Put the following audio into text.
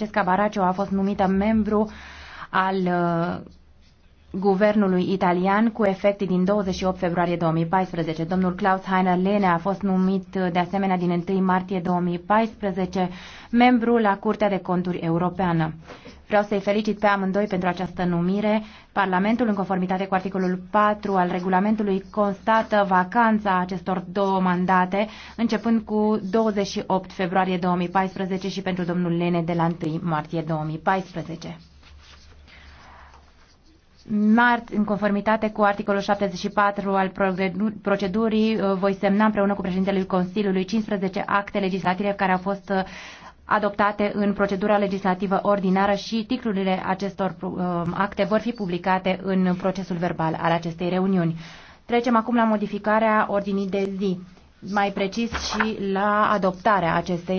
Francesca Baraccio a fost numită membru al uh, guvernului italian cu efecte din 28 februarie 2014. Domnul Klaus Heiner Lene a fost numit uh, de asemenea din 1 martie 2014 membru la Curtea de Conturi Europeană. Vreau să-i felicit pe amândoi pentru această numire. Parlamentul, în conformitate cu articolul 4 al regulamentului, constată vacanța acestor două mandate, începând cu 28 februarie 2014 și pentru domnul Lene de la 1 martie 2014. Marți, în conformitate cu articolul 74 al procedurii, voi semna împreună cu președintele Consiliului 15 acte legislative care au fost adoptate în procedura legislativă ordinară și titlurile acestor uh, acte vor fi publicate în procesul verbal al acestei reuniuni. Trecem acum la modificarea ordinii de zi, mai precis și la adoptarea acestei